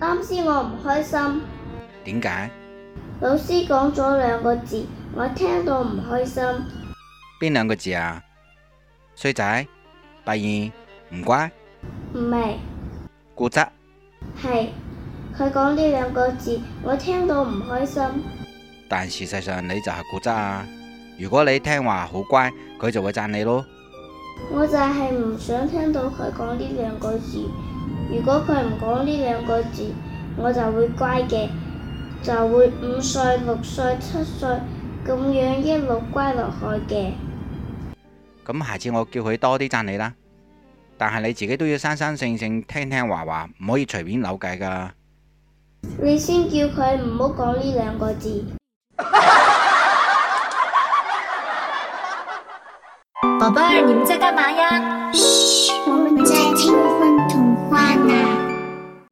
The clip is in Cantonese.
啱先我唔開心，點解？老師講咗兩個字，我聽到唔開心。邊兩個字啊？衰仔，第二，唔乖。唔係。固執。係，佢講呢兩個字，我聽到唔開心。但事實上你就係固執啊！如果你聽話好乖，佢就會讚你咯。我就係唔想聽到佢講呢兩個字。如果佢唔講呢兩個字，我就會乖嘅，就會五歲、六歲、七歲咁樣一路乖落去嘅。咁下次我叫佢多啲讚你啦，但係你自己都要生生性性聽聽話話，唔可以隨便扭計噶。你先叫佢唔好講呢兩個字。寶貝你們在幹嘛呀？我們家。